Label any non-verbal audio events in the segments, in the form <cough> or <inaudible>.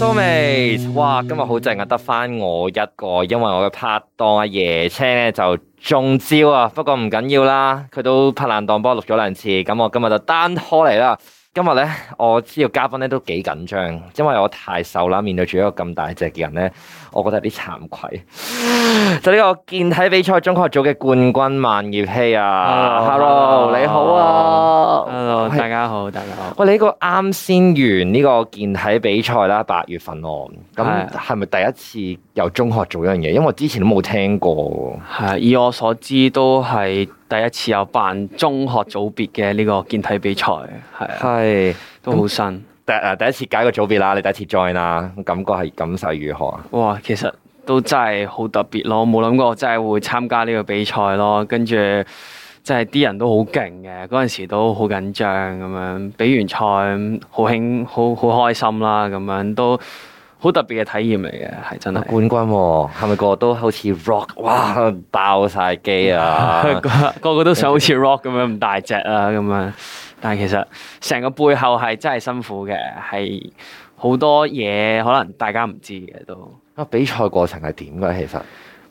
多士，哇！今日好正啊，得翻我一個，因為我嘅拍檔阿椰青咧就中招啊，不過唔緊要啦，佢都拍爛檔幫我錄咗兩次，咁我今日就單拖嚟啦。今日咧，我知道嘉賓咧都幾緊張，因為我太瘦啦，面對住一個咁大隻嘅人咧，我覺得有啲慚愧。 <laughs> 就呢個健體比賽中學組嘅冠軍孟燁熙啊，Hello，你好啊！啊 hello，大家好，是大家好。喂、哦，你呢個啱先完呢個健體比賽啦，八月份哦。咁係咪第一次由中學做一樣嘢？因為我之前都冇聽過。係，以我所知都係第一次有辦中學組別嘅呢個健體比賽。係，是都好新。第第一次加入組別啦，你第一次 join 啦，感覺係感受如何啊？哇，其實都真係好特別咯，冇諗過真係會參加呢個比賽咯，跟住。即係啲人都好勁嘅，嗰陣時都好緊張咁樣，比完賽好興，好好開心啦咁樣，都好特別嘅體驗嚟嘅，係真係。冠軍係咪個個都好似 rock 嘩爆晒機了啊？ <laughs> 個個都想好似 rock 咁樣咁大隻啊，咁樣，但係其實成個背後係真係辛苦嘅，係好多嘢可能大家唔知嘅都。啊，比賽過程係點嘅其實？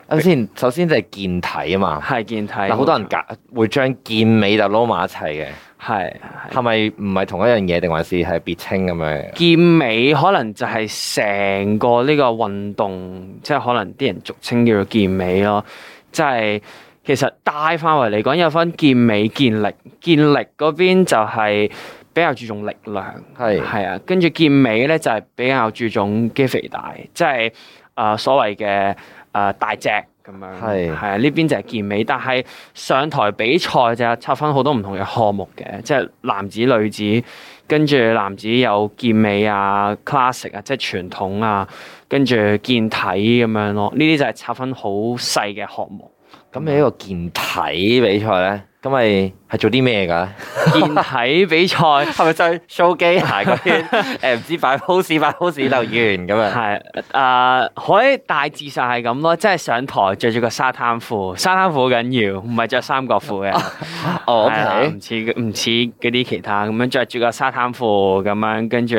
啱先，首先就係健體啊嘛，係健體。好多人搞會將健美就撈埋一齊嘅，係係咪唔係同一樣嘢定還是係別稱咁樣？健美可能就係成個呢個運動，即係可能啲人俗稱叫做健美咯。即係其實大範圍嚟講，有分健美、健力。健力嗰邊就係比較注重力量，係係啊。跟住健美咧，就係比較注重肌肥大，即係啊所謂嘅。誒、呃、大隻咁樣，係係啊呢邊就係健美，但係上台比賽就係拆分好多唔同嘅項目嘅，即係男子、女子，跟住男子有健美啊、classic 啊，即係傳統啊，跟住健體咁樣咯，呢啲就係拆分好細嘅項目。咁你呢個健體比賽咧，咁咪係做啲咩噶？健體比賽係咪就係 show 機鞋個誒，唔、 <laughs> <laughs> 呃、知擺 pose 擺 pose 就完咁啊？係誒，可以大致上係咁咯，即係上台着住個沙灘褲，沙灘褲好緊要，唔係着三角褲嘅，係唔似唔似嗰啲其他咁樣着住個沙灘褲咁樣跟住。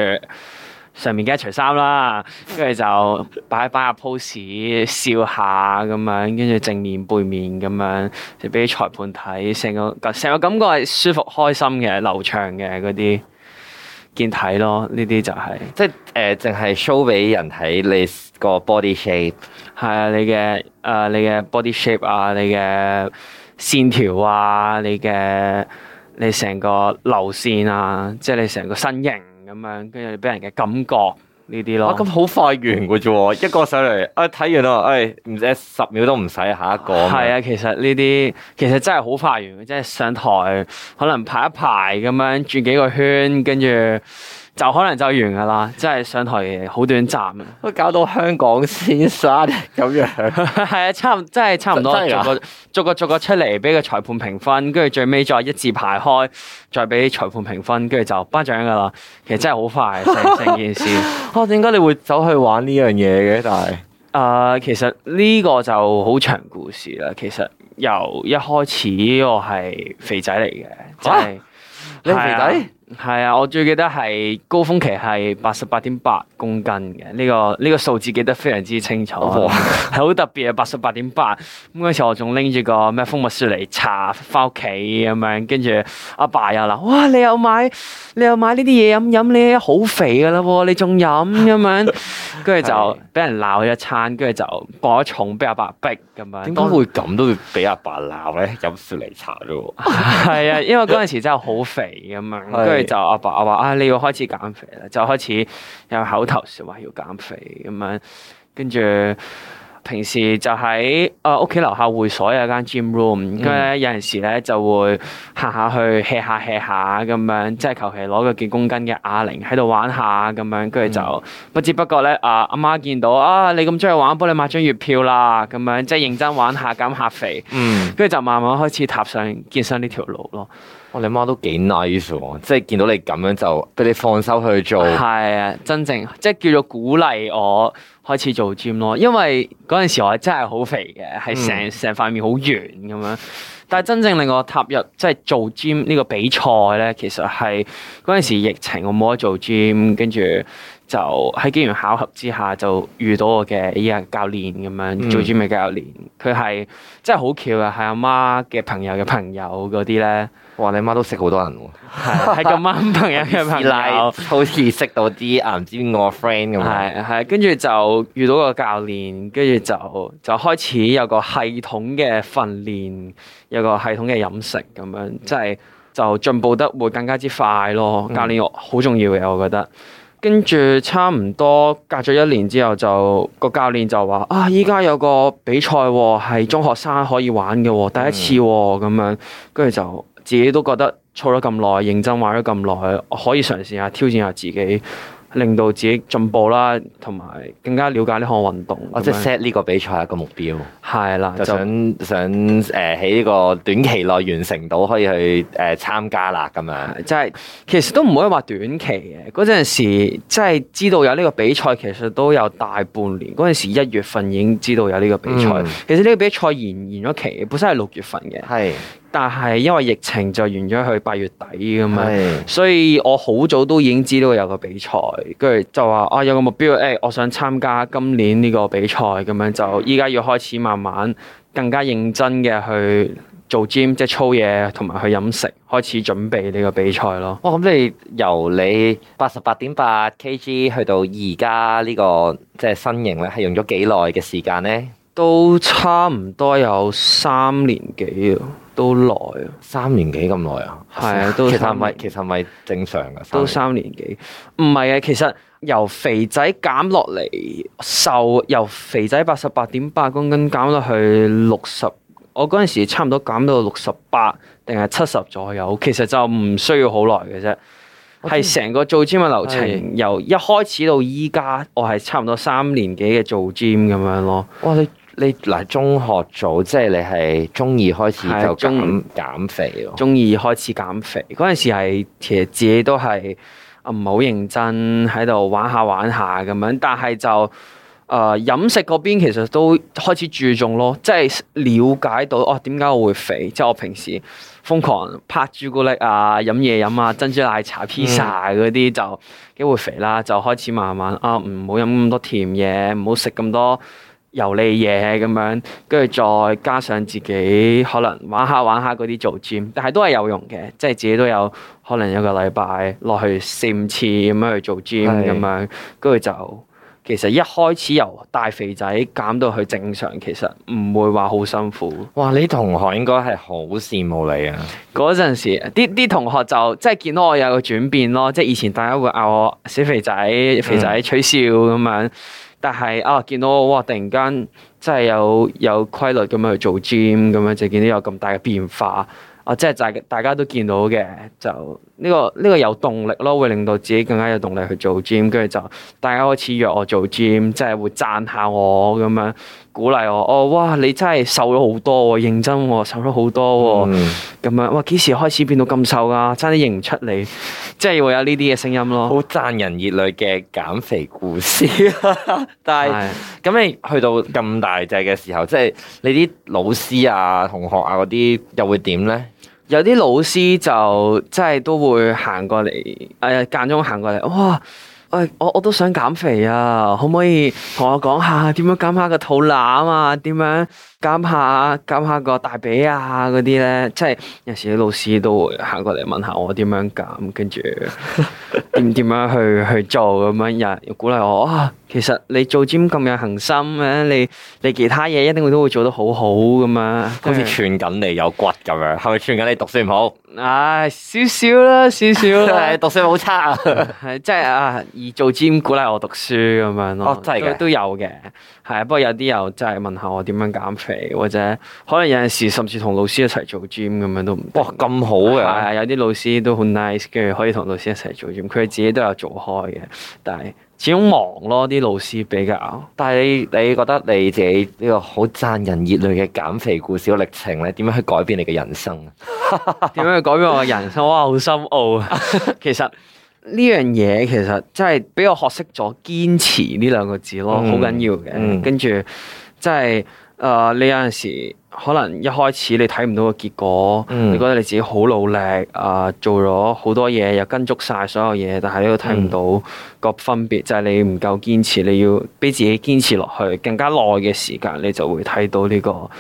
上面嘅除衫啦，跟住就擺擺，擺下 pose，笑下咁樣，跟住正面背面咁樣就俾裁判睇成個成個感覺係舒服、開心嘅、流暢嘅嗰啲健體咯。呢啲就係、是，即係誒淨係 show 俾人睇你個 body shape。係啊，你嘅誒、呃、你嘅 body shape 啊，你嘅線條啊，你嘅你成個流線啊，即係你成個身形。咁樣，跟住俾人嘅感覺呢啲咯。哇，咁好快完嘅啫喎， <laughs> 一個上嚟，啊睇完啦，誒唔使十秒都唔使，下一個。係啊，啊，其實呢啲其實真係好快完，即係上台可能排一排咁樣轉幾個圈，跟住。就可能就完噶啦，即係上台好短暫。都搞到香港先生咁樣，係啊， <laughs> 差真係差唔多逐個逐個逐個出嚟，俾個裁判評分，跟住最尾再一字排開，再俾裁判評分，跟住就頒獎噶啦。其實真係好快成 <laughs> 件事。 <laughs> 哦，點解你會走去玩呢樣嘢嘅？但係誒，其實呢個就好長故事啦。其實由一開始我係肥仔嚟嘅，即係、啊就是、你肥仔。係 <noise> 啊，我最記得係高峰期係八十八點八公斤嘅呢，這個呢，這個數字記得非常之清楚，係好 <laughs> <laughs> 特別啊八十八點八，咁嗰時我仲拎住個咩蜂蜜雪梨茶翻屋企咁樣，跟住阿爸又鬧，哇你又買你又買飲飲呢啲嘢飲飲，你好肥噶啦，你仲飲咁樣，跟住 <laughs> 是就俾人鬧咗一餐，跟住就磅咗重俾阿爸，爸逼咁樣。點解會咁 <laughs> 都俾阿爸鬧咧？飲雪梨茶啫。係 <laughs> <laughs> 啊，因為嗰陣時真係好肥咁樣，就阿爸阿話啊，你要開始減肥啦，就開始有口頭說話要減肥咁樣，跟住平時就喺誒屋企樓下會所有間 gym room、嗯、，跟住咧有陣時咧就會行下去吃下吃下咁樣，即係求其攞個幾公斤嘅啞鈴喺度玩下咁樣，跟住、嗯、就不知不覺咧啊阿媽見到啊，你咁中意玩，幫你買張月票啦，咁樣即係認真玩下，減下肥，跟住、嗯、就慢慢開始踏上健身呢條路咯。我、哦、你媽都幾 nice 喎、哦，即係見到你咁樣就俾你放手去做。係啊，真正即係叫做鼓勵我開始做 gym 咯。因為嗰陣時我真係好肥嘅，係成成塊面好圓咁樣。但係真正令我踏入即係做 gym 呢個比賽咧，其實係嗰陣時疫情，我冇得做 gym，跟住。就喺機緣巧合之下就遇到我嘅依個教練，咁樣，最著名嘅教練，佢係、嗯、真係好巧啊！係阿媽嘅朋友嘅朋友嗰啲咧，哇！你阿媽都識好多人喎，係咁啱朋友嘅朋友， <laughs> 好似識到啲啊唔知邊個 friend 咁樣，係係跟住就遇到個教練，跟住就就開始有個系統嘅訓練，有個系統嘅飲食咁樣，即係就進、是、步得會更加之快咯。教練好重要嘅，嗯、我覺得。跟住差唔多隔咗一年之後，就個教練就話：啊，依家有個比賽係中學生可以玩嘅，第一次咁、嗯、樣。跟住就自己都覺得操咗咁耐，認真玩咗咁耐，可以嘗試下挑戰下自己，令到自己進步啦，同埋更加了解呢項運動。啊，即係 set 呢個比賽一個目標。係啦，就想就想誒喺呢個短期內完成到可以去誒、呃、參加啦咁樣，即係、就是、其實都唔可以話短期嘅。嗰陣時即係、就是、知道有呢個比賽，其實都有大半年。嗰陣時一月份已經知道有呢個比賽，嗯、其實呢個比賽延延咗期，本身係六月份嘅，係，是的 但係因為疫情就延咗去八月底咁樣，是的 所以我好早都已經知道有個比賽，跟住就話啊有個目標誒、欸，我想參加今年呢個比賽咁樣，就依家要開始慢慢。晚更加認真嘅去做 gym，即係操嘢，同埋去飲食，開始準備呢個比賽咯。哇、哦！咁你由你八十八點八 kg 去到而家呢個即係身形咧，係用咗幾耐嘅時間咧？都差唔多有三年幾，都耐。三年幾咁耐啊？係啊，都其實咪其實咪正常嘅。都三年幾？唔係啊，其實由肥仔減落嚟瘦，由肥仔八十八點八公斤減落去六十，我嗰陣時差唔多減到六十八定係七十左右，其實就唔需要好耐嘅啫。係成個做 gym 嘅流程，的由一開始到依家，我係差唔多三年幾嘅做 gym 咁樣咯。哇！你你嗱，中學組即係你係中二開始就減中減肥咯。中二開始減肥嗰陣時係，其實自己都係啊唔好認真喺度玩下玩下咁樣，但係就誒、呃、飲食嗰邊其實都開始注重咯，即係了解到哦點解我會肥，即係我平時瘋狂拍朱古力啊、飲嘢飲啊、珍珠奶茶、披薩嗰啲、嗯、就幾會肥啦，就開始慢慢啊唔好飲咁多甜嘢，唔好食咁多。油膩嘢咁樣，跟住再加上自己可能玩下玩下嗰啲做 gym，但係都係有用嘅，即係自己都有可能一個禮拜落去四五次咁樣去做 gym 咁樣，跟住是的 就其實一開始由大肥仔減到去正常，其實唔會話好辛苦。哇！你同學應該係好羨慕你啊！嗰陣時，啲啲同學就即係見到我有個轉變咯，即係以前大家會嗌我小肥仔、肥仔取笑咁、嗯、樣。但係啊，見到哇，突然間真係有有規律咁樣去做 gym 咁樣，就見到有咁大嘅變化啊！即係大大家都見到嘅就。呢個呢個有動力咯，會令到自己更加有動力去做 gym，跟住就大家開始約我做 gym，即係會讚下我咁樣鼓勵我。哦，哇！你真係瘦咗好多喎。哦，認真喎。哦，瘦咗好多喎。哦。咁，嗯、樣哇，幾時開始變到咁瘦㗎？啊？差啲認唔出你，即係會有呢啲嘅聲音咯。好贊人熱淚嘅減肥故事， <laughs> 但係是咁的你去到咁大隻嘅時候，即、就、係、是、你啲老師啊、同學啊嗰啲又會點呢？有啲老師就即係都會行過嚟，誒、哎、間中行過嚟，哇！誒、哎、我我都想減肥啊，可唔可以同我講下點樣減下個肚腩啊？點樣，減下減下個大髀啊嗰啲咧，即係有時啲老師都會行過嚟問下我點樣減，跟住點點樣去去做咁樣，又鼓勵我啊，其實你做 gym 咁有恆心嘅，你你其他嘢一定會都會做得好、嗯、好咁樣，好似串緊你有骨咁樣，係咪串緊你讀書唔好？唉、哎，少少啦，少少，係 <laughs> 讀書好差、啊嗯，係真係啊！而做 gym 鼓勵我讀書咁樣咯，真係都有嘅，係啊，不過有啲又真係問下我點樣減肥。或者可能有陣時甚至同老師一齊做 gym 咁樣都唔，哇咁好嘅。係啊，有啲老師都好 nice，跟住可以同老師一齊做 gym，佢哋自己都有做開嘅，但係始終忙咯，啲老師比較。但係你你覺得你自己呢個好讚人熱淚嘅減肥故事歷程咧，點樣去改變你嘅人生啊？點樣 <laughs> 去改變我嘅人生？哇，好深奧啊！ <laughs> 其實呢 <laughs> 樣嘢其實真係俾我學識咗堅持呢兩個字咯，好緊、嗯、要嘅，嗯、跟住真係。誒，uh, 你有陣時可能一開始你睇唔到個結果，嗯、你覺得你自己好努力，啊、呃，做咗好多嘢，又跟足晒所有嘢，但係你都睇唔到個分別，嗯、就係你唔夠堅持，你要俾自己堅持落去更加耐嘅時間，你就會睇到呢個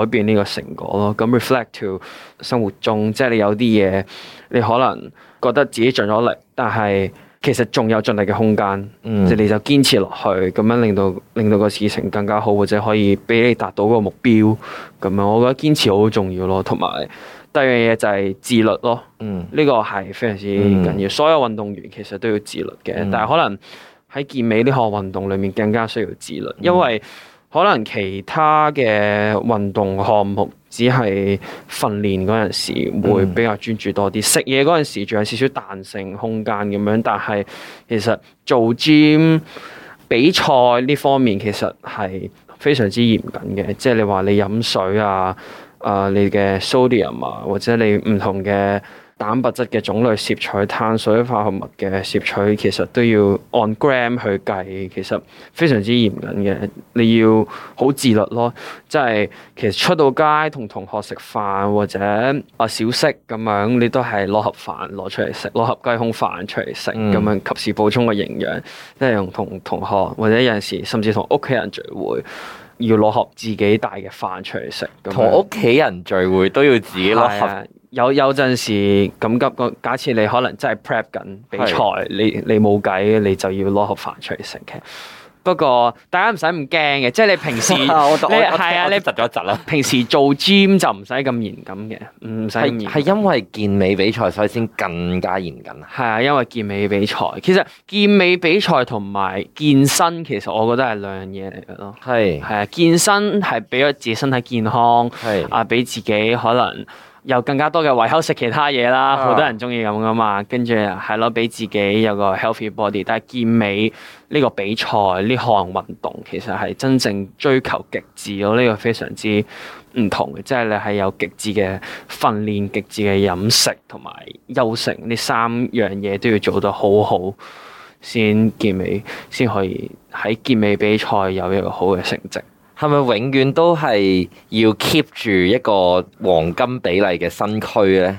改變呢個成果咯。咁 reflect to 生活中，即係你有啲嘢，你可能覺得自己盡咗力，但係。其實仲有盡力嘅空間，即、嗯、你就堅持落去，咁樣令到令到個事情更加好，或者可以俾你達到個目標。咁樣，我覺得堅持好重要咯，同埋第二樣嘢就係自律咯。呢、嗯、個係非常之緊要，嗯、所有運動員其實都要自律嘅，嗯、但係可能喺健美呢項運動裏面更加需要自律，嗯、因為。可能其他嘅運動項目只係訓練嗰陣時會比較專注多啲，嗯、食嘢嗰陣時仲有少少彈性空間咁樣，但係其實做 gym 比賽呢方面其實係非常之嚴謹嘅，即係你話你飲水啊，誒、呃、你嘅 sodium 啊，或者你唔同嘅。蛋白質嘅種類攝取、碳水化合物嘅攝取，其實都要按 gram 去計，其實非常之嚴謹嘅。你要好自律咯，即係其實出到街同同學食飯或者啊小食咁樣，你都係攞盒飯攞出嚟食，攞盒雞胸飯出嚟食咁樣，及時補充個營養。即係用同同學或者有陣時甚至同屋企人聚會。要攞盒自己帶嘅飯出去食，同屋企人聚會都要自己攞飯。有有陣時咁急，假設你可能真係 prep 緊比賽是的，你你冇計，你就要攞盒飯出去食嘅。不過大家唔使咁驚嘅，即係你平時，係啊，你窒咗窒啦。平時做 gym 就唔使咁嚴謹嘅，唔使嚴。係因為健美比賽所以先更加嚴謹。係啊，因為健美比賽，其實健美比賽同埋健身其實我覺得係兩樣嘢嚟嘅咯。係係啊，啊，健身係俾咗自己身體健康，係啊，俾自己可能。有更加多嘅胃口食其他嘢啦，好、uh. 多人中意咁噶嘛。跟住係咯，俾自己有個 healthy body。但係健美呢個比賽呢項運動，其實係真正追求極致咯。呢個非常之唔同嘅，即係你係有極致嘅訓練，極致嘅飲食同埋休息呢三樣嘢都要做得好好，先健美，先可以喺健美比賽有一個好嘅成績。係咪永遠都係要 keep 住一個黃金比例嘅身軀咧？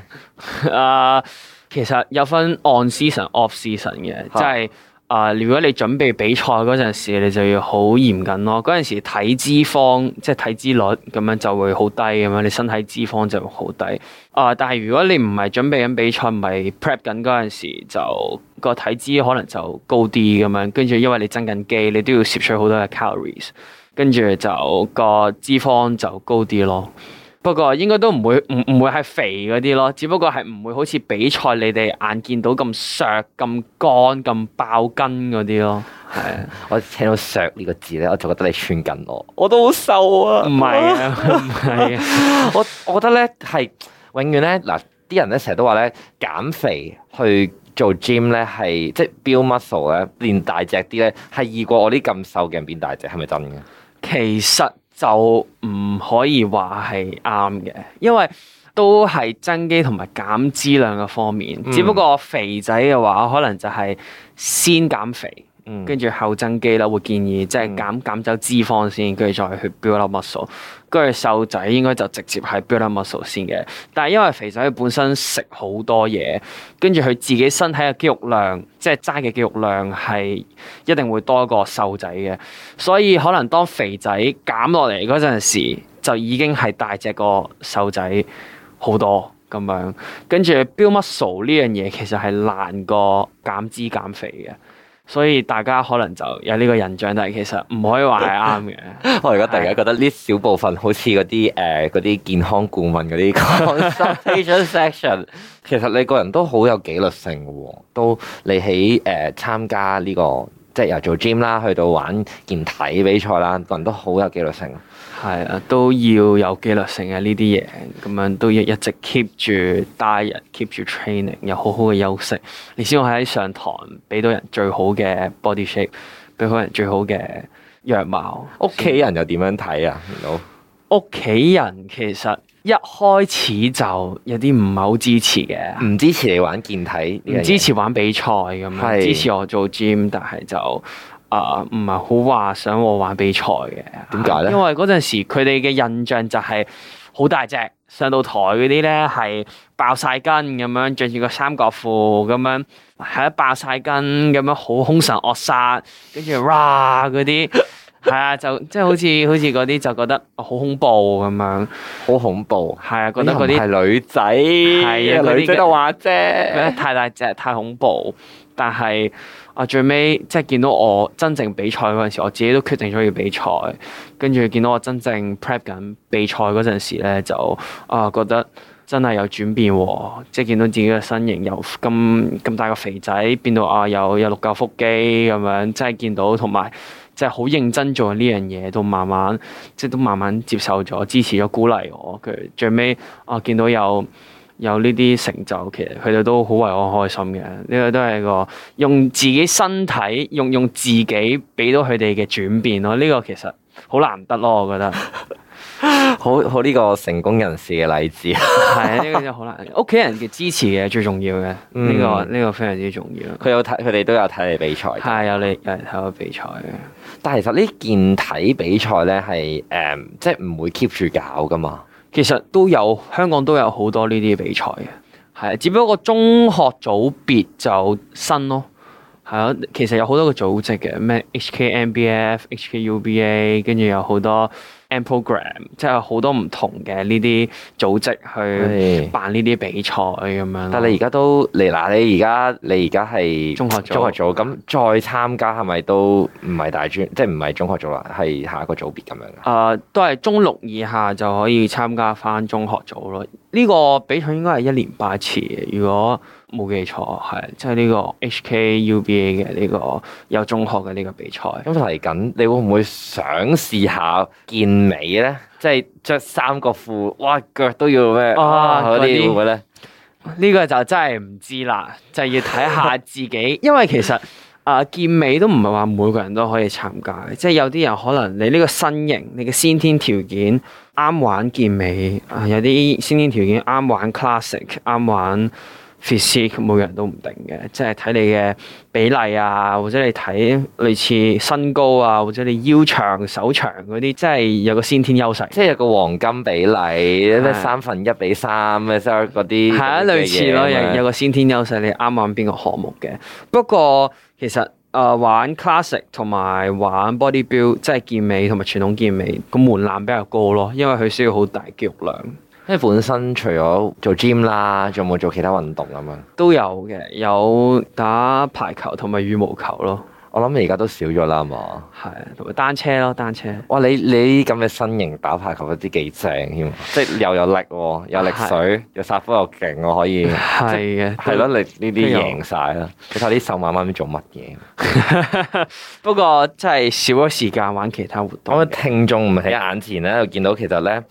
啊，uh, 其實有分 on season、off season 嘅，即係啊，uh, 如果你準備比賽嗰陣時，你就要好嚴謹咯。嗰陣時體脂肪即係、就是、體脂率咁樣就會好低咁樣，你身體脂肪就會好低。啊，uh，但係如果你唔係準備緊比賽，唔係 prep 緊嗰陣時，就個體脂可能就高啲咁樣。跟住因為你增緊肌，你都要攝取好多嘅 calories。跟住就個脂肪就高啲咯，不過應該都唔會唔會唔唔會係肥嗰啲咯，只不過係唔會好似比賽你哋眼見到咁削咁乾咁爆筋嗰啲咯。係 <laughs> 啊，我聽到削呢個字咧，我就覺得你串緊我，我都好瘦啊。唔 <laughs> 係啊，唔係啊，我 <laughs> <laughs> 我覺得咧係永遠咧嗱，啲人咧成日都話咧減肥去做 gym 咧係即係 build muscle 咧，變大隻啲咧係易過我啲咁瘦嘅人變大隻，係咪真嘅？其實就唔可以話係啱嘅，因為都係增肌同埋減脂兩個方面。嗯、只不過肥仔嘅話，可能就係先減肥，跟住、嗯、後增肌啦。會建議即係減減走脂肪先，跟住再去 build up muscle。跟住瘦仔應該就直接係 build muscle 先嘅，但係因為肥仔本身食好多嘢，跟住佢自己身體嘅肌肉量，即係齋嘅肌肉量係一定會多過瘦仔嘅，所以可能當肥仔減落嚟嗰陣時，就已經係大隻過瘦仔好多咁樣。跟住 build muscle 呢樣嘢其實係難過減脂減肥嘅。所以大家可能就有呢個印象，但係其實唔可以話係啱嘅。 <laughs> 我而家突然間覺得呢小部分好似嗰啲誒啲健康顧問嗰啲 conversation section。 <laughs> 其實你個人都好有紀律性嘅喎，都你喺誒、呃、參加呢個即係又做 gym 啦，去到玩健體比賽啦，個人都好有紀律性。係啊，都要有紀律性嘅呢啲嘢，咁樣都要一直 keep 住帶人，keep 住 training，有好好嘅休息，你先可以喺上堂俾到人最好嘅 body shape，俾到人最好嘅樣貌。屋企人又點樣睇啊？屋企人其實一開始就有啲唔係好支持嘅，唔支持你玩健體，唔支持玩比賽，咁唔支持我做 gym，但係就，啊，唔係好話想我玩比賽嘅，點解咧？因為嗰陣時佢哋嘅印象就係好大隻，上到台嗰啲咧係爆曬筋咁樣，着住個三角褲咁樣，係一爆曬筋咁樣，好凶神惡煞，跟住哇嗰啲。 <laughs> 係啊， <laughs> 就即係好似好似嗰啲就覺得好恐怖咁樣，好恐怖。係啊，覺得嗰啲係女仔，係啊的，的女仔話啫。太大隻，太恐怖。但係我最尾即係見到我真正比賽嗰陣時，我自己都決定咗要比賽。跟住見到我真正 prep 緊比賽嗰陣時咧，就啊覺得真係有轉變。即係見到自己嘅身形由咁咁大個肥仔變到啊，有有六嚿腹肌咁樣，真係見到同埋。即係好認真做呢樣嘢，都慢慢即係都慢慢接受咗、支持咗、鼓勵我。佢最尾啊，見到有有呢啲成就，其實佢哋都好為我開心嘅。呢個都係一個用自己身體，用用自己俾到佢哋嘅轉變咯。呢個其實好難得咯，我覺得。 <laughs> 好好呢個成功人士嘅例子， <laughs> 係啊，呢個真好難。屋企人嘅支持嘅最重要嘅，呢個呢個非常之重要。佢有睇，佢哋都有睇你比賽？係有嚟，有人睇我比賽嘅。但係其實呢件健體比賽咧，係、嗯、誒、即係唔會 keep 住搞噶嘛。其實都有香港都有好多呢啲比賽嘅，係只不過中學組別就新咯，係啊，其實有好多個組織嘅，咩 HKNBF HKUBA，跟住有好多。program 即係好多唔同嘅呢啲組織去辦呢啲比賽咁樣。嗯、但你而家都嚟嗱，你而家你而家係中學組中學組咁再參加係咪都唔係大專，即係唔係中學組啦，係下一個組別咁樣？誒、呃，都係中六以下就可以參加翻中學組咯。呢、這個比賽應該係一年八次嘅，如果。冇記錯，係即係呢個 H K U B A 嘅呢個有中學嘅呢個比賽咁就嚟緊，你會唔會想試下健美呢？即係着三角褲，哇腳都要咩啲咧？會會呢個就真係唔知啦，就係要睇下自己， <laughs> 因為其實啊健美都唔係話每個人都可以參加，即係有啲人可能你呢個身形、你嘅先天條件啱玩健美啊，有啲先天條件啱玩 classic，啱玩。f i shape 每人都唔定嘅，即係睇你嘅比例啊，或者你睇類似身高啊，或者你腰長手長嗰啲，即係有個先天優勢，即係有個黃金比例，咩是三分一比三嘅，即係嗰啲係啊，類似咯，有有個先天優勢你啱啱邊個項目嘅。不過其實誒、呃、玩 classic 同埋玩 body build，即係健美同埋傳統健美個門檻比較高咯，因為佢需要好大肌肉量。即係本身除咗做 gym 啦，仲有冇做其他運動咁樣？都有嘅，有打排球同埋羽毛球咯。我諗而家都少咗啦，係嘛？係單車咯，單車。單車哇！你你咁嘅身型打排球都知幾正添， <laughs> 即係又有力，有力水， <laughs> 又殺波又勁，我可以。係嘅，係咯，你呢啲贏晒啦。你睇啲瘦慢慢做乜嘢？ <laughs> <laughs> 不過真係少咗時間玩其他活動。我聽眾唔喺眼前咧，就見到其實咧。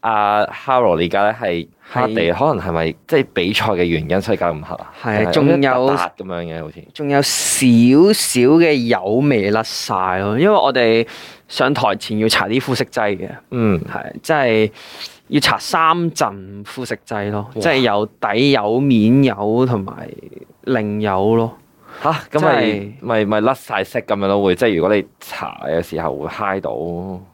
阿哈羅而家咧係黑地，是可能係咪即係比賽嘅原因，所以搞咁黑啊？係是，仲有咁樣嘅好似，仲有，有少少嘅油味甩晒咯，因為我哋上台前要搽啲膚色劑嘅，嗯，係，即係要搽三陣膚色劑咯，哇 即係有底油、面油同埋另油咯。吓，咁咪咪咪甩晒色咁樣都會，即係如果你搽嘅時候會揩到。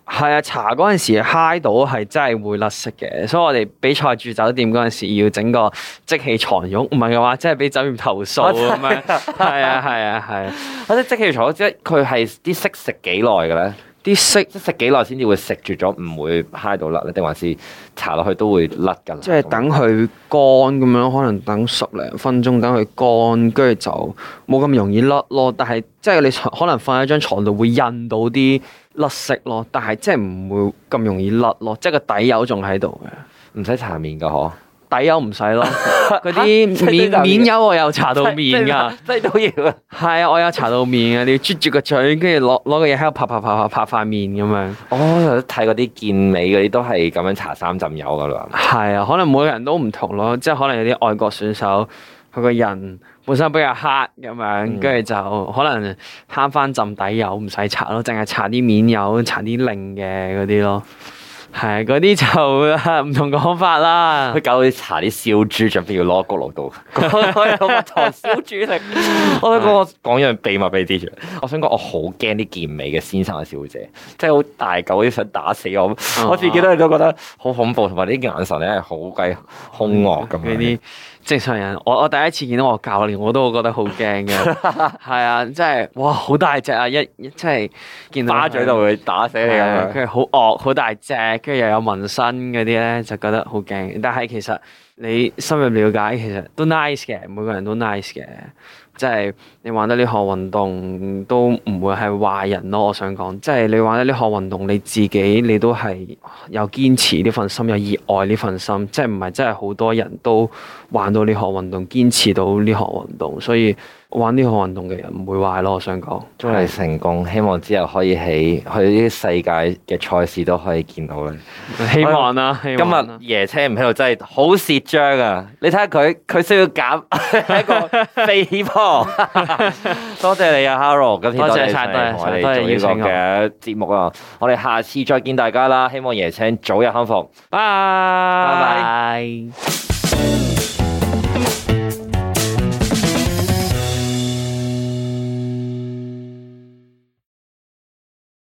係啊，搽嗰陣時揩到係真係會甩色嘅，所以我哋比賽住酒店嗰陣時要整個積氣床褥，唔係嘅話即係俾酒店投訴咁樣。係啊係啊係啊，嗰啲積氣床褥即係佢係啲色食幾耐嘅咧？啲色即食幾耐先至會食住咗，唔會嗨到甩，定還是搽落去都會甩噶喇？即係等佢乾咁樣，可能等十零分鐘等佢乾，跟住就冇咁容易甩咯。但係即係你可能放喺張床度會印到啲甩色咯，但係即係唔會咁容易甩咯，即係個底油仲喺度嘅，唔使搽面噶嗬。底油唔使咯，嗰啲、 <laughs> 啊、面面油我又搽到面噶，即係都要啊。係 <laughs> <laughs> 啊，我有搽到面啊，你要啜住個嘴，跟住攞攞嘢喺度拍拍拍拍拍塊面咁樣。哦，睇嗰啲健美嗰啲都係咁樣搽三浸油噶啦。係 <laughs> 啊，可能每個人都唔同咯，即係可能有啲外國選手佢個人本身比較黑咁樣，跟住、嗯、就可能慳翻浸底油唔使搽咯，淨係搽啲面油，搽啲靚嘅嗰啲咯。係嗰啲就唔同講法啦。佢搞到啲查啲燒豬，準備要攞骨老刀。我我有個堂燒豬嚟。我我想講一樣秘密俾你知。我想講我好驚啲健美嘅先生啊、小姐，即係好大狗啲想打死我。我自己都係都覺得好恐怖，同埋啲眼神咧係好鬼凶惡咁樣。.正常人，我我第一次見到我教練，我都會覺得好驚嘅，係啊， <laughs> 真係哇，好大隻啊，一一即係見到打嘴就會打死你咁樣，佢好惡，好大隻，跟住又有紋身嗰啲咧，就覺得好驚。但係其實你深入了解，其實都 nice 嘅，每個人都 nice 嘅。即係你玩得呢項運動都唔會係壞人咯，我想講，即係你玩得呢項運動，你自己你都係有堅持呢份心，有熱愛呢份心，即係唔係真係好多人都玩到呢項運動，堅持到呢項運動，所以。玩呢項運動嘅人唔會壞咯，我想講。祝你成功，希望之後可以喺去呢啲世界嘅賽事都可以見到你。希望啦，希望。今日椰青唔喺度真係好蝕張啊！你睇下佢，佢需要減一個肥胖。多謝你啊 Harold 多謝晒，多謝多謝呢個嘅節目啊！我哋下次再見大家啦，希望椰青早日康復。拜拜 Bye。Bye bye